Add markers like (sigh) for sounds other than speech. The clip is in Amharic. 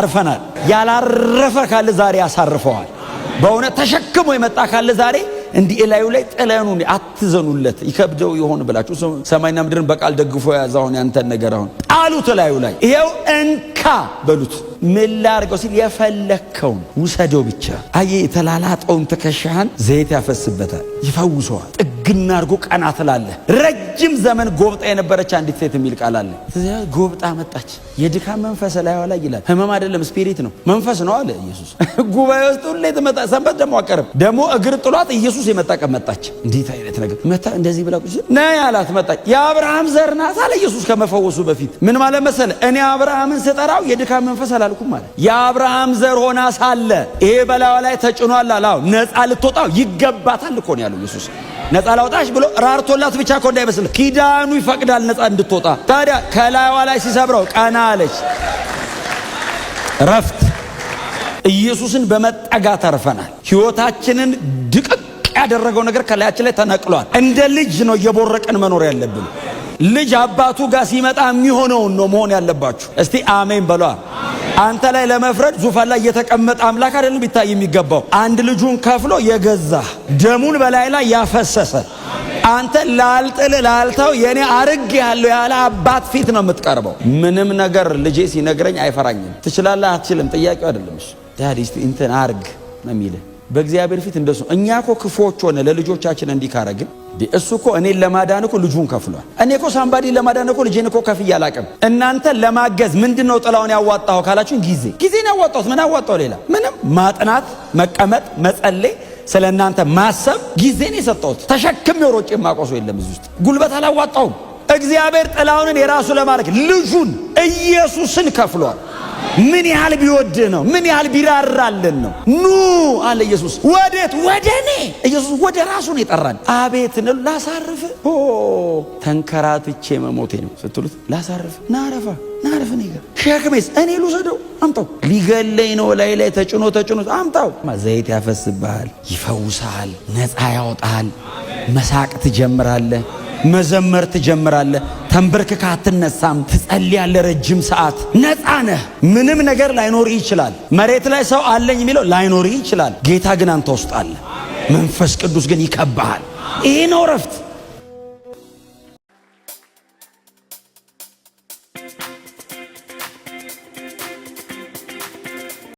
አርፈናል። ያላረፈ ካለ ዛሬ ያሳርፈዋል። በእውነት ተሸክሞ የመጣ ካለ ዛሬ እንዲህ እላዩ ላይ ጥለኑ አትዘኑለት፣ ይከብደው ይሆን ብላችሁ ሰማይና ምድርን በቃል ደግፎ የያዘ አሁን ያንተን ነገር አሁን ጣሉት እላዩ ላይ ይሄው እንካ በሉት። ምን አርገው ሲል የፈለግከውን ውሰደው ብቻ። አየ የተላላጠውን ትከሻህን ዘይት ያፈስበታል፣ ይፈውሰዋል። ጥግና አድርጎ ቀና ትላለህ። ረጅም ዘመን ጎብጣ የነበረች አንዲት ሴት የሚል ቃል አለ። ጎብጣ መጣች የድካም መንፈስ ላይ ኋላ ይላል። ህመም አይደለም ስፒሪት ነው መንፈስ ነው አለ ኢየሱስ። (laughs) ጉባኤ ውስጥ ሁሌ ትመጣ ሰንበት ደግሞ አቀርብ ደግሞ እግር ጥሏት ኢየሱስ የመጣ ቀን መጣች። እንዴት አይነት ነገር መታ እንደዚህ ብላ ቁጭ ነይ ያላት መጣች። የአብርሃም ዘር ናት አለ ኢየሱስ ከመፈወሱ በፊት ምን ማለት መሰለ እኔ አብርሃምን ስጠራው የድካም መንፈስ አላልኩም አለ። የአብርሃም ዘር ሆና ሳለ ይሄ በላዋ ላይ ተጭኗል አላው። ነፃ ልትወጣው ይገባታል እኮ ነው ያለው ኢየሱስ ነፃ ላውጣሽ ብሎ ራርቶላት ብቻ እኮ እንዳይመስል ኪዳኑ ይፈቅዳል ነፃ እንድትወጣ ታዲያ ከላይዋ ላይ ሲሰብረው ቀና አለች። እረፍት ኢየሱስን በመጠጋት አርፈናል። ሕይወታችንን ድቅቅ ያደረገው ነገር ከላያችን ላይ ተነቅሏል። እንደ ልጅ ነው እየቦረቀን መኖር ያለብን። ልጅ አባቱ ጋር ሲመጣ የሚሆነውን ነው መሆን ያለባችሁ። እስቲ አሜን በሏ። አንተ ላይ ለመፍረድ ዙፋን ላይ እየተቀመጠ አምላክ አይደለም ቢታይ የሚገባው። አንድ ልጁን ከፍሎ የገዛ ደሙን በላይ ላይ ያፈሰሰ አንተ ላልጥል ላልተው የኔ አርግ ያለው ያለ አባት ፊት ነው የምትቀርበው። ምንም ነገር ልጄ ሲነግረኝ አይፈራኝም። ትችላለህ አትችልም ጥያቄው አይደለም። ዳዲ ዳድ እንትን አርግ ነው የሚልህ በእግዚአብሔር ፊት እንደሱ። እኛ ኮ ክፎች ሆነ ለልጆቻችን እንዲህ ካረግን እሱ እኮ እኔን ለማዳን እኮ ልጁን ከፍሏል። እኔ እኮ ሳምባዲ ለማዳን እኮ ልጄን እኮ ከፍ እያላቅም። እናንተ ለማገዝ ምንድን ነው ጥላውን ያዋጣሁ ካላችሁን ጊዜ ጊዜን ያዋጣሁት ምን አዋጣሁ? ሌላ ምንም ማጥናት፣ መቀመጥ፣ መጸለይ ስለ እናንተ ማሰብ ጊዜን የሰጠሁት ተሸክም የሮጭ የማቆሶ የለም። እዚህ ውስጥ ጉልበት አላዋጣውም። እግዚአብሔር ጥላውንን የራሱ ለማድረግ ልጁን ኢየሱስን ከፍሏል። ምን ያህል ቢወድህ ነው? ምን ያህል ቢራራልን ነው? ኑ አለ ኢየሱስ። ወዴት? ወደ እኔ። ኢየሱስ ወደ ራሱ ነው የጠራን። አቤት ነው ላሳርፍ። ተንከራትቼ መሞቴ ነው ስትሉት ላሳርፍ ናረፋ ናረፍ እኔ ጋር ሸክሜስ እኔ ልውሰደው አምጣው። ሊገለኝ ነው ላይ ላይ ተጭኖ ተጭኖ አምጣው። ዘይት ያፈስብሃል፣ ይፈውሳል፣ ነፃ ያወጣል። መሳቅ ትጀምራለህ፣ መዘመር ትጀምራለህ። ተንበርክካ አትነሳም። ትጸልያለህ ረጅም ሰዓት። ነፃ ነህ። ምንም ነገር ላይኖር ይችላል። መሬት ላይ ሰው አለኝ የሚለው ላይኖርህ ይችላል። ጌታ ግን አንተ ውስጥ አለ። መንፈስ ቅዱስ ግን ይከብሃል። ይሄ ነው እረፍት።